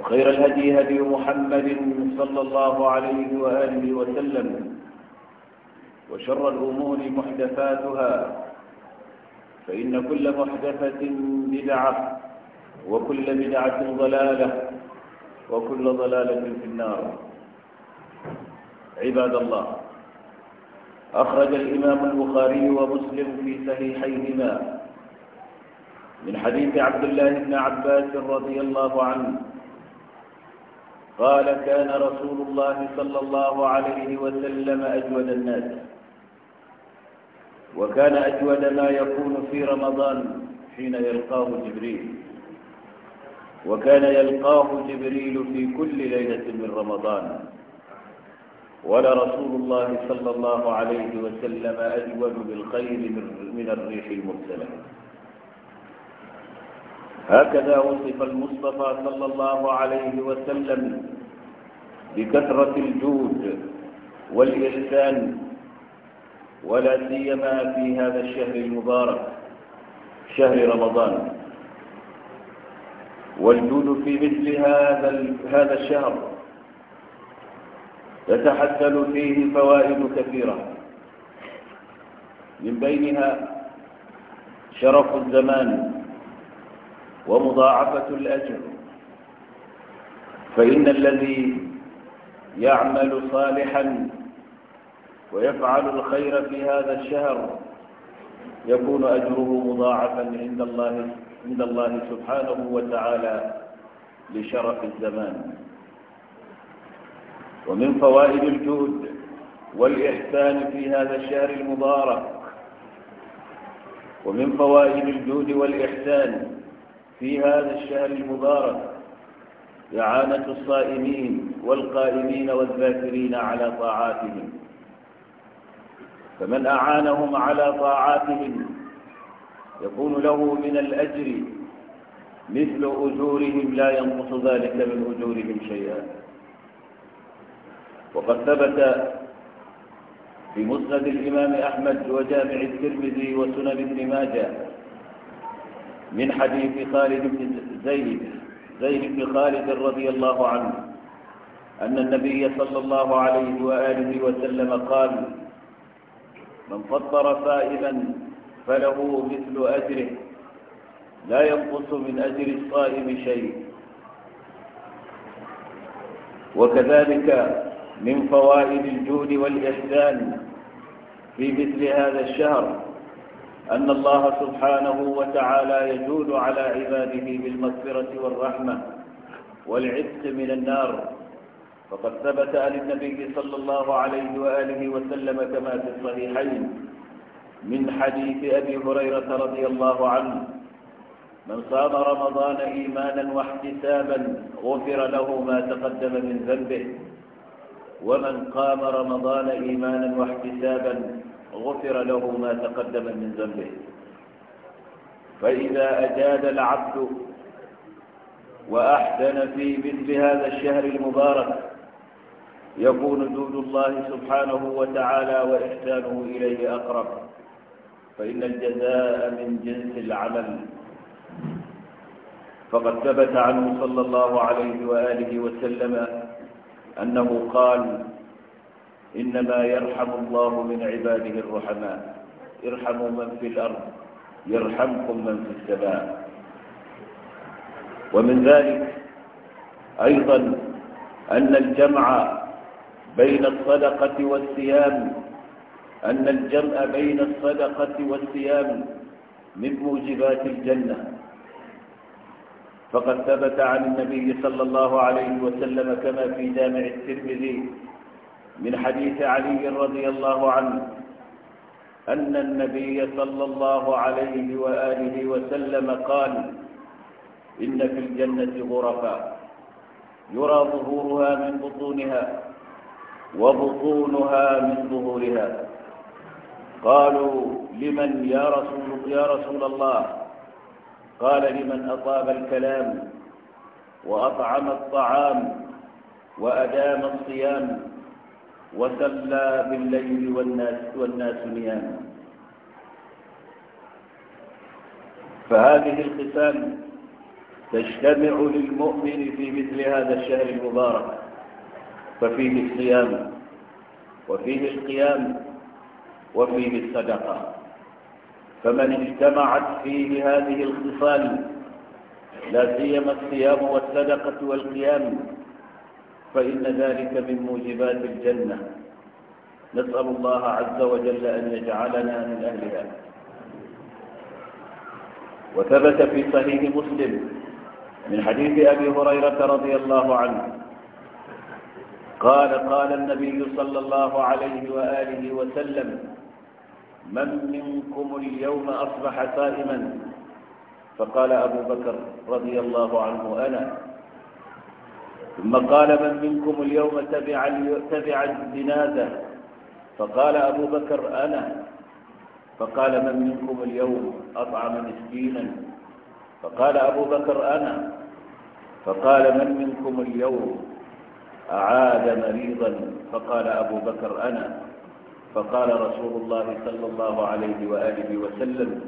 وخير الهدي هدي محمد صلى الله عليه وآله وسلم وشر الأمور محدثاتها فإن كل محدثة بدعة وكل بدعة ضلالة وكل ضلالة في النار عباد الله أخرج الإمام البخاري ومسلم في صحيحيهما من حديث عبد الله بن عباس رضي الله عنه قال كان رسول الله صلى الله عليه وسلم أجود الناس وكان أجود ما يكون في رمضان حين يلقاه جبريل وكان يلقاه جبريل في كل ليلة من رمضان ولرسول الله صلى الله عليه وسلم أجود بالخير من الريح المرسله هكذا وصف المصطفى صلى الله عليه وسلم بكثرة الجود والإحسان ولا سيما في هذا الشهر المبارك شهر رمضان والجود في مثل هذا هذا الشهر تتحسن فيه فوائد كثيرة من بينها شرف الزمان ومضاعفة الأجر فإن الذي يعمل صالحا ويفعل الخير في هذا الشهر يكون أجره مضاعفا عند الله عند الله سبحانه وتعالى لشرف الزمان ومن فوائد الجهد والإحسان في هذا الشهر المبارك ومن فوائد الجود والإحسان في هذا الشهر المبارك إعانة الصائمين والقائمين والذاكرين على طاعاتهم فمن أعانهم على طاعاتهم يكون له من الأجر مثل أجورهم لا ينقص ذلك من أجورهم شيئا وقد ثبت في مسند الإمام أحمد وجامع الترمذي وسنن ابن ماجه من حديث خالد بن زيد زيد بن خالد رضي الله عنه أن النبي صلى الله عليه وآله وسلم قال من فطر سائما فله مثل أجره لا ينقص من أجر الصائم شيء وكذلك من فوائد الجود والإحسان في مثل هذا الشهر أن الله سبحانه وتعالى يجود على عباده بالمغفرة والرحمة والعتق من النار فقد ثبت عن النبي صلى الله عليه وآله وسلم كما في الصحيحين من حديث أبي هريرة رضي الله عنه من صام رمضان إيمانا واحتسابا غفر له ما تقدم من ذنبه ومن قام رمضان إيمانا واحتسابا غفر له ما تقدم من ذنبه فإذا أجاد العبد وأحسن في مثل هذا الشهر المبارك يكون جود الله سبحانه وتعالى وإحسانه إليه أقرب فإن الجزاء من جنس العمل فقد ثبت عنه صلى الله عليه وآله وسلم أنه قال إنما يرحم الله من عباده الرحماء ارحموا من في الأرض يرحمكم من في السماء ومن ذلك أيضا أن الجمع بين الصدقة والصيام أن الجمع بين الصدقة والصيام من موجبات الجنة فقد ثبت عن النبي صلى الله عليه وسلم كما في جامع الترمذي من حديث علي رضي الله عنه أن النبي صلى الله عليه وآله وسلم قال إن في الجنة غرفا يرى ظهورها من بطونها وبطونها من ظهورها قالوا لمن يا رسول, يا رسول الله قال لمن أطاب الكلام وأطعم الطعام وأدام الصيام وسلى بالليل والناس, والناس نيام فهذه الخصال تجتمع للمؤمن في مثل هذا الشهر المبارك ففيه الصيام وفيه القيام وفيه الصدقة فمن اجتمعت فيه هذه الخصال لا سيما الصيام والصدقة والقيام فإن ذلك من موجبات الجنة نسأل الله عز وجل أن يجعلنا من أهلها وثبت في صحيح مسلم من حديث أبي هريرة رضي الله عنه قال قال النبي صلى الله عليه وآله وسلم من منكم اليوم أصبح صائما فقال أبو بكر رضي الله عنه أنا ثم قال من منكم اليوم تبع, تبع الجنازة فقال أبو بكر أنا فقال من منكم اليوم أطعم مسكينا فقال أبو بكر أنا فقال من منكم اليوم أعاد مريضا فقال أبو بكر أنا فقال رسول الله صلى الله عليه وآله وسلم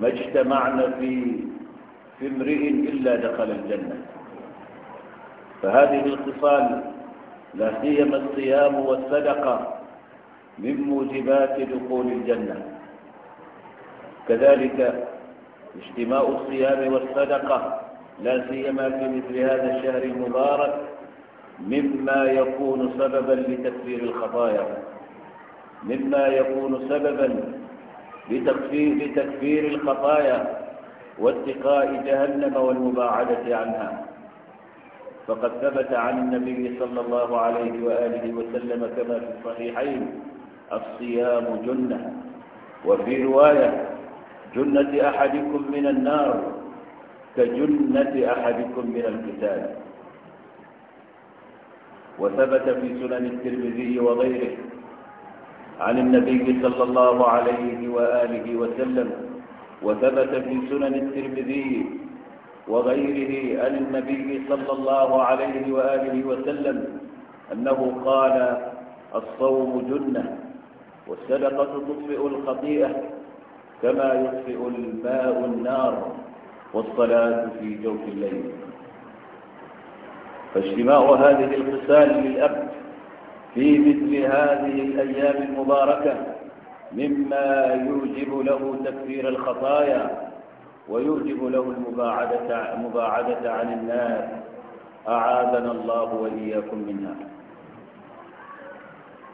ما اجتمعنا في في امرئ إلا دخل الجنة فهذه الخصال لا سيما الصيام والصدقة من موجبات دخول الجنة كذلك اجتماع الصيام والصدقة لا سيما في مثل هذا الشهر المبارك مما يكون سببا لتكفير الخطايا مما يكون سببا لتكفير, لتكفير الخطايا واتقاء جهنم والمباعدة عنها فقد ثبت عن النبي صلى الله عليه وآله وسلم كما في الصحيحين الصيام جنة وفي رواية جنة أحدكم من النار كجنة أحدكم من القتال وثبت في سنن الترمذي وغيره عن النبي صلى الله عليه وآله وسلم وثبت في سنن الترمذي وغيره عن النبي صلى الله عليه وآله وسلم أنه قال الصوم جنة والصدقة تطفئ الخطيئة كما يطفئ الماء النار والصلاة في جوف الليل فاجتماع هذه الخصال للأب في مثل هذه الأيام المباركة مما يوجب له تكفير الخطايا ويوجب له المباعدة, المباعدة عن الناس أعاذنا الله وإياكم منها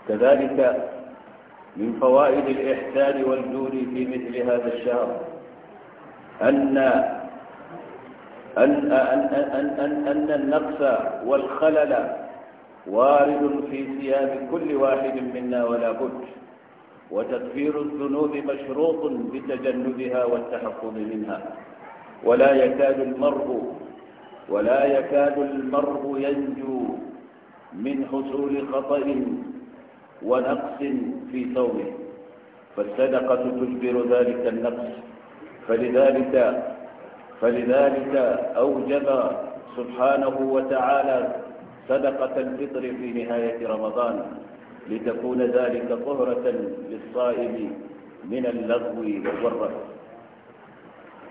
كذلك من فوائد الإحسان والجود في مثل هذا الشهر أن أن, أن, أن, أن, أن النقص والخلل وارد في ثياب كل واحد منا ولا بد وتكفير الذنوب مشروط بتجنبها والتحفظ منها ولا يكاد المرء ولا يكاد المرء ينجو من حصول خطأ ونقص في صومه فالصدقة تجبر ذلك النقص فلذلك فلذلك أوجب سبحانه وتعالى صدقة الفطر في نهاية رمضان لتكون ذلك طهرة للصائم من اللغو والرفث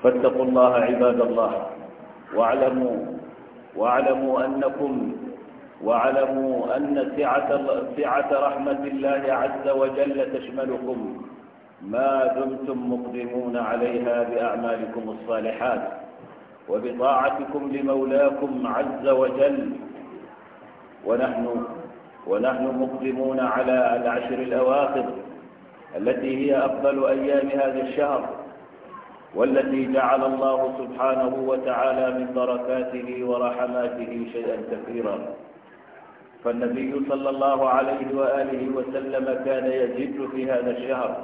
فاتقوا الله عباد الله واعلموا واعلموا أنكم واعلموا أن سعة, سعة رحمة الله عز وجل تشملكم ما دمتم مقدمون عليها بأعمالكم الصالحات وبطاعتكم لمولاكم عز وجل ونحن ونحن مقدمون على العشر الأواخر التي هي أفضل أيام هذا الشهر والتي جعل الله سبحانه وتعالى من بركاته ورحماته شيئا كثيرا فالنبي صلى الله عليه وآله وسلم كان يجد في هذا الشهر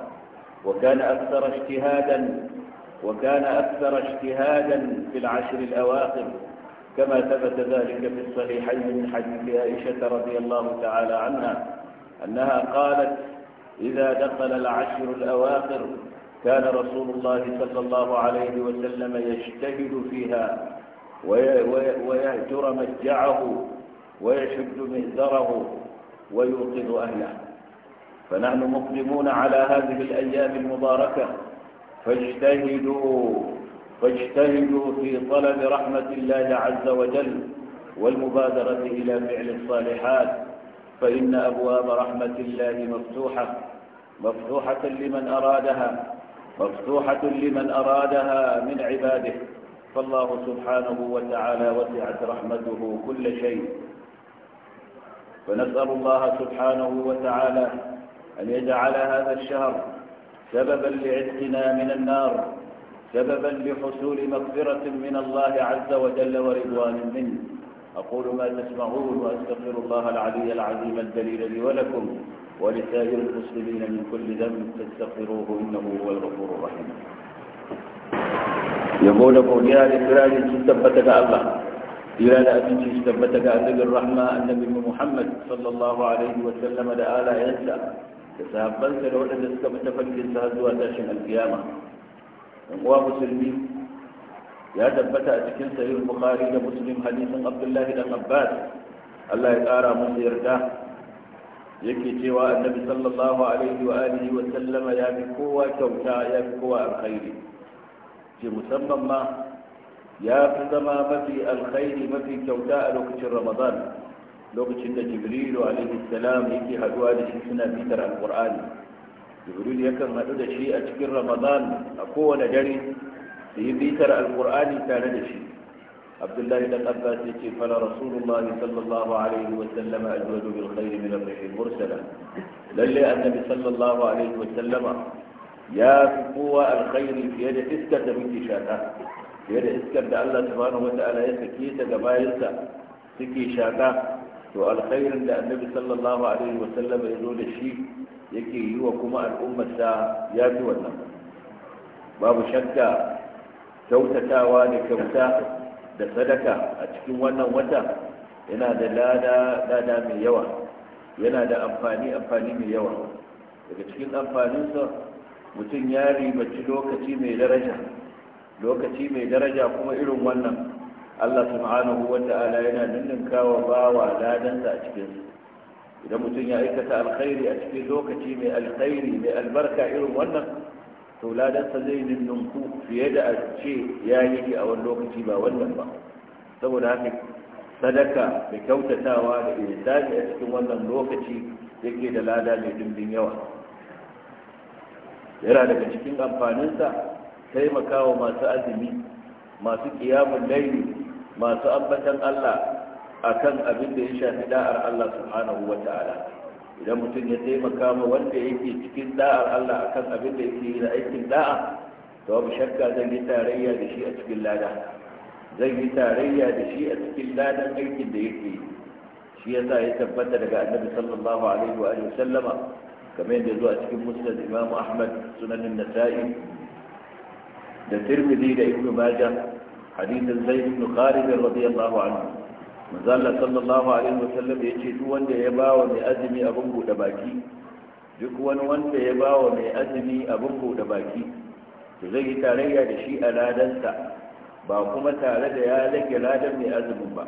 وكان أكثر اجتهادا وكان أكثر اجتهادا في العشر الأواخر كما ثبت ذلك في الصحيحين من حديث عائشة رضي الله تعالى عنها أنها قالت إذا دخل العشر الأواخر كان رسول الله صلى الله عليه وسلم يجتهد فيها ويهجر مجعه ويشد مئزره ويوقظ أهله فنحن مقدمون على هذه الأيام المباركة فاجتهدوا فاجتهدوا في طلب رحمة الله عز وجل والمبادرة إلى فعل الصالحات فإن أبواب رحمة الله مفتوحة مفتوحة لمن أرادها مفتوحة لمن أرادها من عباده فالله سبحانه وتعالى وسعت رحمته كل شيء فنسأل الله سبحانه وتعالى أن يجعل هذا الشهر سببا لعتقنا من النار سببا لحصول مغفرة من الله عز وجل ورضوان منه أقول ما تسمعون وأستغفر الله العلي العظيم الجليل لي ولكم ولسائر المسلمين من كل ذنب فاستغفروه إنه هو الغفور الرحيم يقول قول يا لفلان استثبتك الله إلى لأبنك استثبتك أنك الرحمة النبي محمد صلى الله عليه وسلم لآلا ينسى تسابلت لولا تسكبت فلك سهزوا تاشن القيامة Yan uwa musulmi ya tabbata a cikin sahih bukhari da muslim hadisin abdullahi dan abbas Allah ya kara musu yarda yake cewa annabi sallallahu alaihi wa alihi wa sallama ya fi kowa kyauta ya kowa alkhairi ce musamman ma ya fi zama mafi alkhairi mafi kyauta a lokacin ramadan lokacin da jibrilu alaihi salam yake haduwa da shi suna fitar alqur'ani jibril yakan hadu da shi a cikin ramadan a kowane dare su yi bitar alkur'ani tare da shi abdullahi dan abbas ya ce fala rasulullah sallallahu alaihi wa sallam ajwadu bil khair min ar-rihil mursala lalle annabi sallallahu alaihi wa sallama ya fi kowa alkhairi fiye da iskar da muke shaka fiye da iskar da Allah subhanahu wa ta'ala ya sake ta ga bayansa suke shaka to alkhairin da annabi sallallahu alaihi wasallam ya zo da shi yake yi wa kuma al'ummarsa ya fi wannan babu shakka kyautatawa da kyauta da sadaka a cikin wannan wata yana da lada mai yawa yana da amfani amfani mai yawa daga cikin amfaninsa mutum ya ribaci lokaci mai daraja lokaci mai daraja kuma irin wannan Allah subhanahu wa ta'ala yana ninninka wa bawa ladansa a cikin idan mutum ya aikata alkhairi a cikin lokaci mai alkhairi mai albarka irin wannan to ladansa zai ninninku fiye da a ce ya yi a wani lokaci ba wannan ba saboda haka sadaka da kyautatawa da ihsani a cikin wannan lokaci yake da lada mai dimbin yawa yana daga cikin amfaninsa taimakawa masu azumi masu kiyamun laili masu ambatan Allah akan abin da ya shafi da'ar Allah subhanahu wa ta'ala idan mutum ya taimaka ma wanda yake cikin da'ar Allah akan abin da yake yi na aikin da'a to babu shakka zan yi tarayya da shi a cikin lada zan yi tarayya da shi a cikin ladan aikin da yake yi shi yasa ya tabbata daga annabi sallallahu alaihi wa sallama kamar yadda zuwa cikin musnad imamu ahmad sunanin nasa'i da tirmidhi da ibnu majah hadisin zai ibn khalid radiyallahu anhu manzo sallallahu alaihi wasallam yace duk wanda ya bawa mai azumi abin bude baki duk wani wanda ya bawa mai azumi abin buɗe baki to zai yi tarayya da shi a ladansa ba kuma tare da ya rage ladan mai azumin ba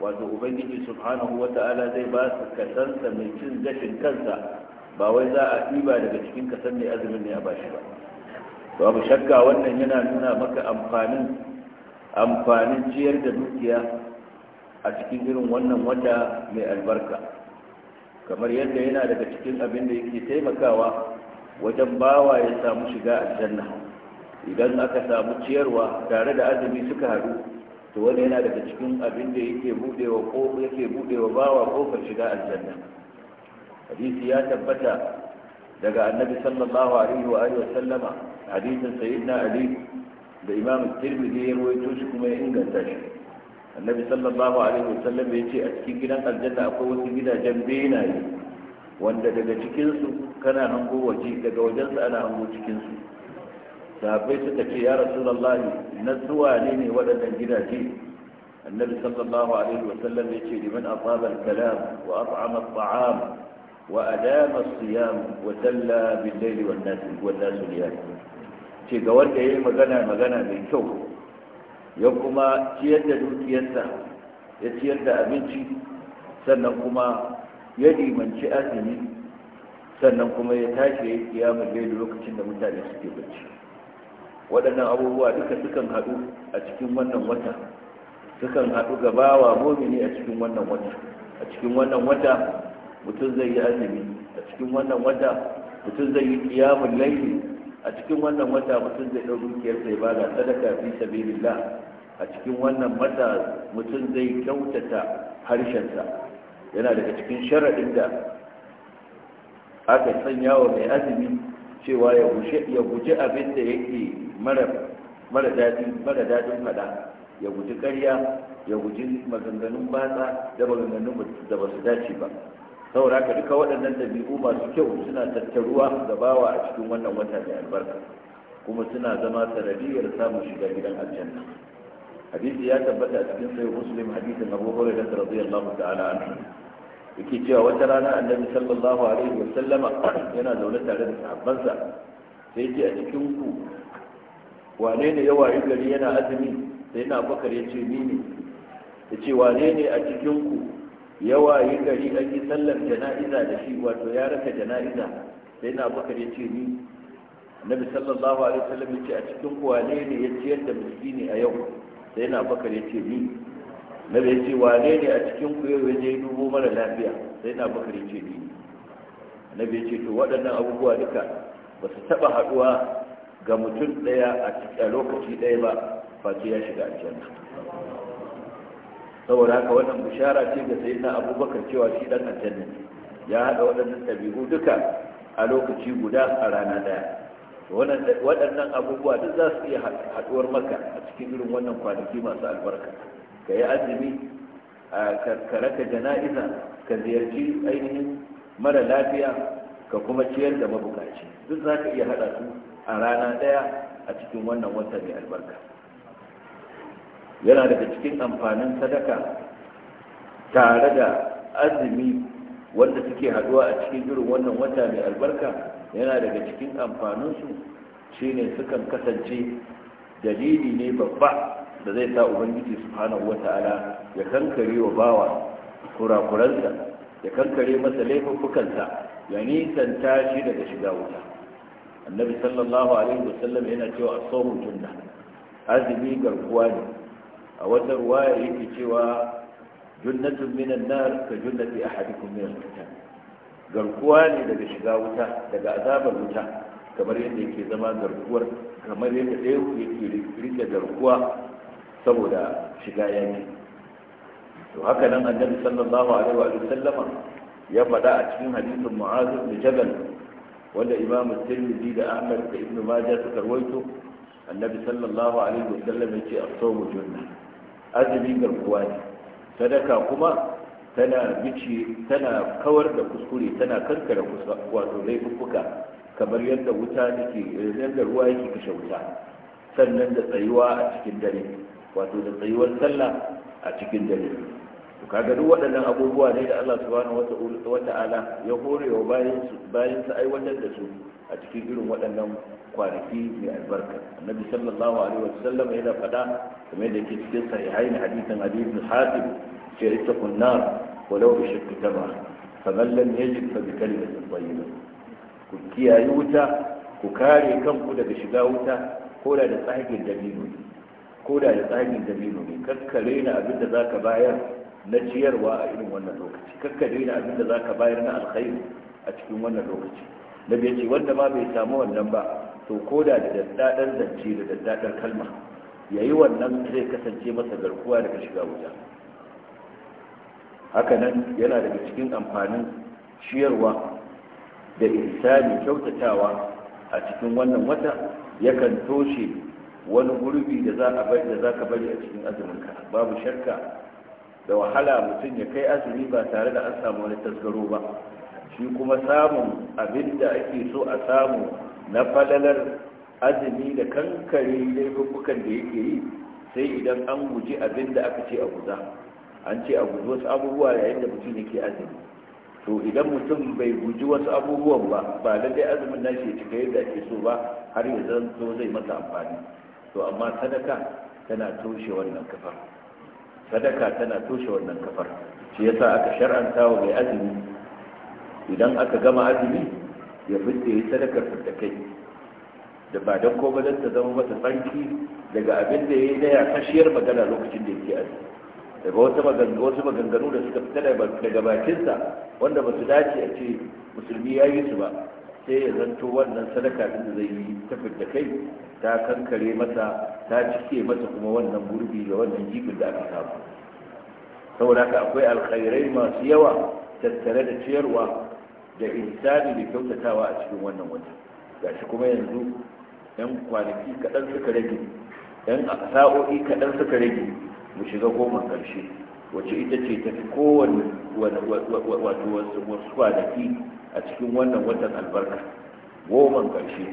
wato ubangiji subhanahu ta'ala zai ba su kasansa mai cin gashin kansa ba wai za a ɗiba daga cikin kasan mai azumin ne a bashi ba babu shakka wannan yana nuna maka amfanin amfanin ciyar da dukiya a cikin irin wannan wata mai albarka kamar yadda yana daga cikin abin da yake taimakawa wajen bawa ya samu shiga aljanna idan aka samu ciyarwa tare da azumi suka haɗu to wani yana daga cikin abin da yake budewa ko yake budewa bawa kofar shiga aljanna hadisi ya tabbata daga annabi sallallahu alaihi wa alihi wa sallama hadisin sayyidina ali da imam tirmidhi ya rawaito shi kuma ya inganta shi annabi sallallahu alaihi wasallam ya ce a cikin gidan aljanna akwai wasu gidajen benaye wanda daga cikinsu kana hango waje daga wajensu ana hango cikinsu sahabbai suka ce ya rasulullahi na zuwa ne ne waɗannan gidaje annabi sallallahu alaihi wasallam ya ce liman asaba al-kalam wa at'ama at-ta'am wa adama as-siyam wa salla bil-layli wan-nas wan-nas niyam ce ga wanda ya yi magana magana mai kyau ya kuma ciyar da dukiyarsa ya ciyar da abinci sannan kuma ya limanci azumi sannan kuma ya tashi ya yi kiyamun daidai lokacin da mutane suke bacci waɗannan abubuwa duka sukan haɗu a cikin wannan wata sukan haɗu gaba wa momini a cikin wannan wata a cikin wannan wata mutum zai yi azumi a cikin wannan wata mutum zai yi kiyamun laifi a cikin wannan wata mutum zai ɗau dukiyar sai ba da sadaka fi sabilillah a cikin wannan mata mutum zai kyautata harshensa yana daga cikin sharaɗin da aka sanya wa mai azumi cewa ya guji abin da yake mara daɗin faɗa ya guji ƙarya ya guji maganganun batsa da maganganun da ba su dace ba saboda ka duka waɗannan ɗabi'u masu kyau suna tattaruwa da bawa a cikin wannan wata mai albarka kuma suna zama sanadiyar samun shiga gidan aljanna hadisi ya tabbata a cikin sai muslim hadisin abu hurairah radiyallahu ta'ala anhu yake cewa wata rana annabi sallallahu alaihi wa sallama yana zaune tare da sahabbansa sai ce a cikin ku wane ne ya wayi gari yana azumi sai na bakar ya ce ni ne ya ce wane ne a cikin ku yawa yi gari an yi sallar jana'iza da shi wato ya raka jana'iza sai na bakar ya ce ni annabi sallallahu alaihi wasallam ya ce a cikin wane ne ya ciyar da miskini a yau sai na bakar ya ce ni na bai ce wane ne a cikin ku yau ya je dubo mara lafiya sai na bakar ya ce ni na bai ce to waɗannan abubuwa duka ba su taɓa haɗuwa ga mutum ɗaya a lokaci ɗaya ba face ya shiga aljanna saboda haka wannan bishara ce ga na abubakar cewa shi dan aljanna ya hada waɗannan ɗabi'u duka a lokaci guda a rana daya waɗannan abubuwa duk za su iya haɗuwar maka a cikin irin wannan kwanaki masu albarka ka yi azumi ka raka jana'iza ka ziyarci ainihin mara lafiya ka kuma ciyar da mabukaci duk za ka iya haɗa su a rana daya a cikin wannan wata mai albarka yana daga cikin amfanin sadaka tare da azumi wanda suke haduwa a cikin irin wannan wata mai albarka yana daga cikin amfaninsu ne sukan kasance dalili ne babba da zai sa ubangiji subhanahu wata'ala ya kankare wa bawa kurakuransa ya kankare masa laifuffukansa ya nisanta shi daga shiga wuta annabi sallallahu alaihi wasallam yana cewa a tsohon tunda azumi garkuwa ne a wata ruwaya yake cewa junnatun minan nar ka junnati a hadikun minan wuta garkuwa ne daga shiga wuta daga azabar wuta kamar yadda yake zama garkuwar kamar yadda ɗaya yake rike garkuwa saboda shiga yaki to haka nan annabi sallallahu alaihi wa sallama ya faɗa a cikin hadisin mu'azu da jabal wanda imam at-tirmidhi da ahmad da ibn majah suka rawaito annabi sallallahu alaihi wa sallam yace as-sawmu junnah azumin garkuwa ne sadaka kuma tana bici tana kawar da kuskure tana kankara wato laifuffuka kamar yadda wuta take yadda ruwa yake kashe wuta sannan da tsayuwa a cikin dare wato da tsayuwar sallah a cikin dare kaga duk waɗannan abubuwa ne da Allah subhanahu wata'ala ya horewa wa bayan sa aiwatar da su a cikin irin waɗannan kwanaki mai albarka annabi sallallahu alaihi wasallam yana faɗa kuma da ke cikin sahihain hadithan ali ibn hatim ce ita kunna walau bi shakki tama faman lam yajid fa bi kalimatin tayyibah ku kiyaye wuta ku kare kanku daga shiga wuta ko da tsagin dabino ne ko da tsagin dabino ne kakkare na abin da zaka bayar na ciyarwa a irin wannan lokaci kakkare na abin da zaka bayar na alkhairi a cikin wannan lokaci nabi ya ce wanda ma bai samu wannan ba to koda da daddadan zance da daddadan kalma yayi wannan zai kasance masa garkuwa daga shiga wuta haka nan yana daga cikin amfanin ciyarwa da ihsani kyautatawa a cikin wannan wata yakan toshe wani gurbi da za a bari da za ka bari a cikin azuminka babu shakka da wahala mutum ya kai azumi ba tare da an samu wani tasgaro ba shi kuma samun abin da ake so a samu na falalar azumi da kankare laifukan da yake yi sai idan an guji abin da aka ce a guza an ce a guji wasu abubuwa yayin da mutum yake azumi to idan mutum bai guji wasu abubuwan ba ba lallai azumin nashi ya cika yadda ake so ba har ya zanto zai masa amfani to amma sadaka tana toshe wannan kafar sadaka tana toshe wannan kafar shi yasa aka shar'anta wa mai azumi idan aka gama azumi ya fitta yi sadakar da kai da ba don koma don ta zama masa tsanki daga abin da ya yi na ya kashiyar magana lokacin da yake aji, daga wasu maganganu da suka fita daga bakinsa wanda ba su dace a ce musulmi ya yi su ba sai ya zanto wannan sadaka din da zai yi ta da kai ta kankare masa ta cike masa kuma wannan gurbi da wannan jibin da aka samu saboda haka akwai alkhairai masu yawa tattare da ciyarwa da insani da kyautatawa a cikin wannan wata shi kuma yanzu yan kwanaki kaɗan suka rage yan sa'o'i kaɗan suka rage mu shiga goma ƙarshe wacce ita ce ta fi kowane wato wasu kwanaki a cikin wannan watan albarka goma ƙarshe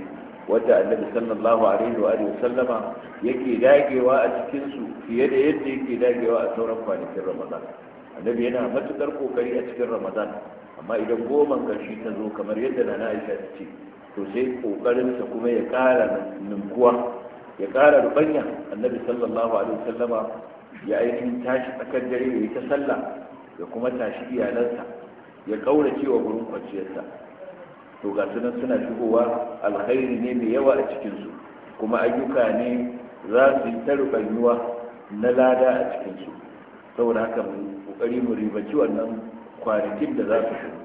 wadda annabi sallallahu alaihi wa alihi sallama yake dagewa a cikin su fiye da yadda yake dagewa a sauran kwanakin ramadan annabi yana matukar kokari a cikin ramadan amma idan goman karshe ta zo kamar yadda na na aisha ta ce to sai ƙoƙarinsa kuma ya kara ninkuwa ya kara rubanya annabi sallallahu alaihi wasallama ya aiki tashi tsakar dare ya yi ta sallah ya kuma tashi iyalansa ya kaura cewa gurin kwanciyarsa to ga sunan suna shigowa alkhairi ne mai yawa a cikinsu kuma ayyuka ne za su yi ta rubanyuwa na lada a cikinsu saboda haka mu kokari mu ribaci wannan kwanakin da za su shigo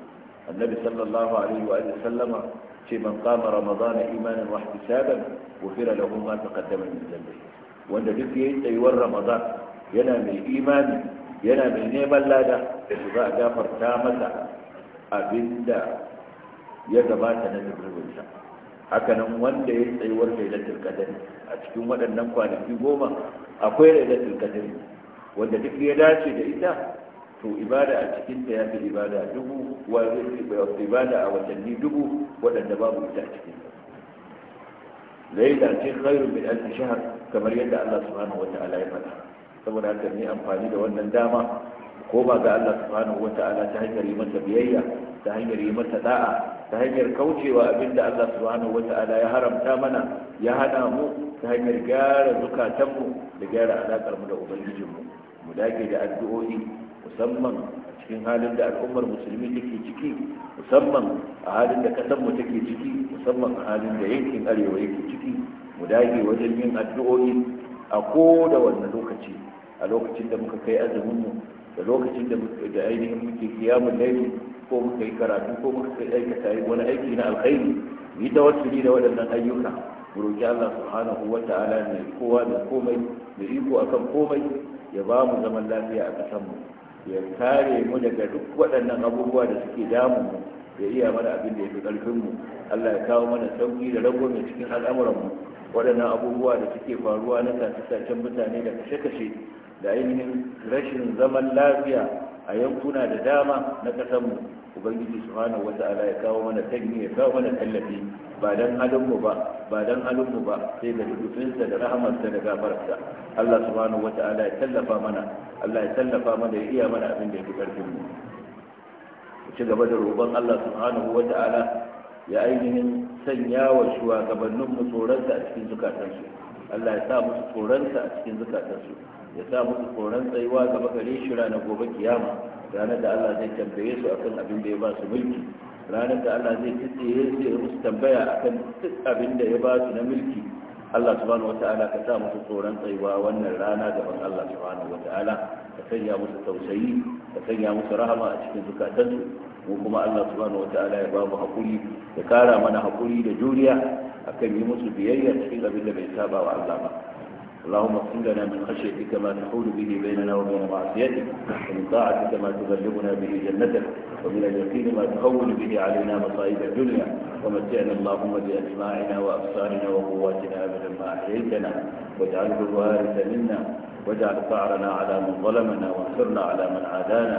annabi sallallahu alaihi wa sallama ce man qama ramadana imanan wa ihtisaban ghufira lahu ma taqaddama min dhanbi wanda duk yayi tsayuwar ramadan yana mai imani yana mai neman lada za a gafarta masa abinda ya gabata na zunubinsa haka nan wanda ya tsayuwar lailatul qadr a cikin waɗannan kwanaki goma akwai lailatul qadr wanda duk ya dace da ita to ibada a cikin ta ya fi ibada dubu wa zai ibada a watanni dubu waɗanda babu ita a cikin ta laila ce khairun min alf shahr kamar yadda Allah subhanahu wataala ya faɗa saboda haka ne amfani da wannan dama ko ba ga Allah subhanahu wataala ta hanyar yi masa biyayya ta hanyar yi masa da'a ta hanyar kaucewa abinda Allah subhanahu wataala ya haramta mana ya hana mu ta hanyar gyara zukatanmu da gyara alakarmu da ubangijinmu mu dage da addu'o'i musamman a cikin halin da al'ummar musulmi take ciki musamman a halin da kasar mu take ciki musamman a halin da yankin arewa yake ciki mu dage wajen yin addu'o'i a ko da wannan lokaci a lokacin da muka kai azumin mu da lokacin da da ainihin muke kiyamun laifi ko muka yi karatu ko muka kai aikata wani aiki na alkhairi yi wasu da waɗannan ayyuka mu roƙi Allah subhanahu wa ta'ala ne kowa da komai da iko akan komai ya ba mu zaman lafiya a ƙasar mu ya kare mu daga duk waɗannan abubuwa da suke damu mu ya iya mana abin da ya fi ƙarfinmu. Allah ya kawo mana sauki da rangwame cikin al'amuran mu waɗannan abubuwa da suke faruwa na sace mutane da kashe-kashe da ainihin rashin zaman lafiya a yankuna da dama na ƙasarmu. ubangiji subhanahu wata'ala ya kawo mana tanyi ya kawo mana tallafi ba dan halin mu ba ba dan halin mu ba sai da dufinsa da rahamarsa da gafararsa Allah subhanahu wata'ala ya tallafa mana Allah ya tallafa mana ya iya mana abin da yake karfin mu ci gaba da roƙon Allah subhanahu wata'ala ya ainihin sanya wa shugabannin mu tsoronsa a cikin zukatansu Allah ya sa musu tsoronsa a cikin zukatansu ya sa musu tsoron tsayuwa gaba gare shi ranar gobe kiyama ranar da Allah zai tambaye su akan abin da ya ba su mulki ranar da Allah zai tsitsiye su musu tambaya akan duk abin da ya ba su na mulki Allah subhanahu wata'ala ka sa musu tsoron tsayuwa wannan rana gaban Allah subhanahu wata'ala ka sanya musu tausayi ka sanya musu rahama a cikin zukatansu mu kuma Allah subhanahu wata'ala ya mu hakuri ya kara mana hakuri da juriya akan yi musu biyayya cikin abin da bai saba wa Allah ba اللهم اغفر لنا من خشيتك ما تحول به بيننا وبين معصيتك ومن طاعتك ما تبلغنا به جنتك ومن اليقين ما تهون به علينا مصائب الدنيا ومتعنا اللهم بأسماعنا وأبصارنا وقواتنا أبدا ما أحييتنا واجعله الوارث منا واجعل ثارنا على من ظلمنا وانصرنا على من عادانا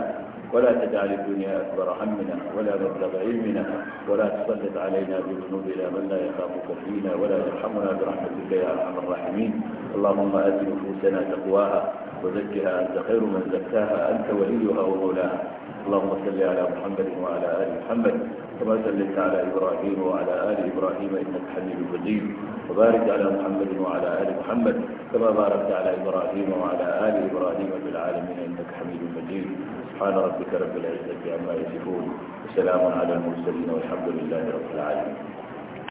ولا تجعل الدنيا أكبر همنا ولا مبلغ علمنا ولا تسلط علينا بذنوبنا من لا يخافك فينا ولا يرحمنا برحمتك يا أرحم الراحمين اللهم آت نفوسنا تقواها وزكها أنت خير من زكاها أنت وليها ومولاها اللهم صل على محمد وعلى آل محمد كما صليت على إبراهيم وعلى آل إبراهيم إنك حميد مجيد وبارك على محمد وعلى آل محمد كما باركت على إبراهيم وعلى آل إبراهيم في العالمين إنك حميد مجيد سبحان ربك رب العزة عما يصفون وسلام على المرسلين والحمد لله رب العالمين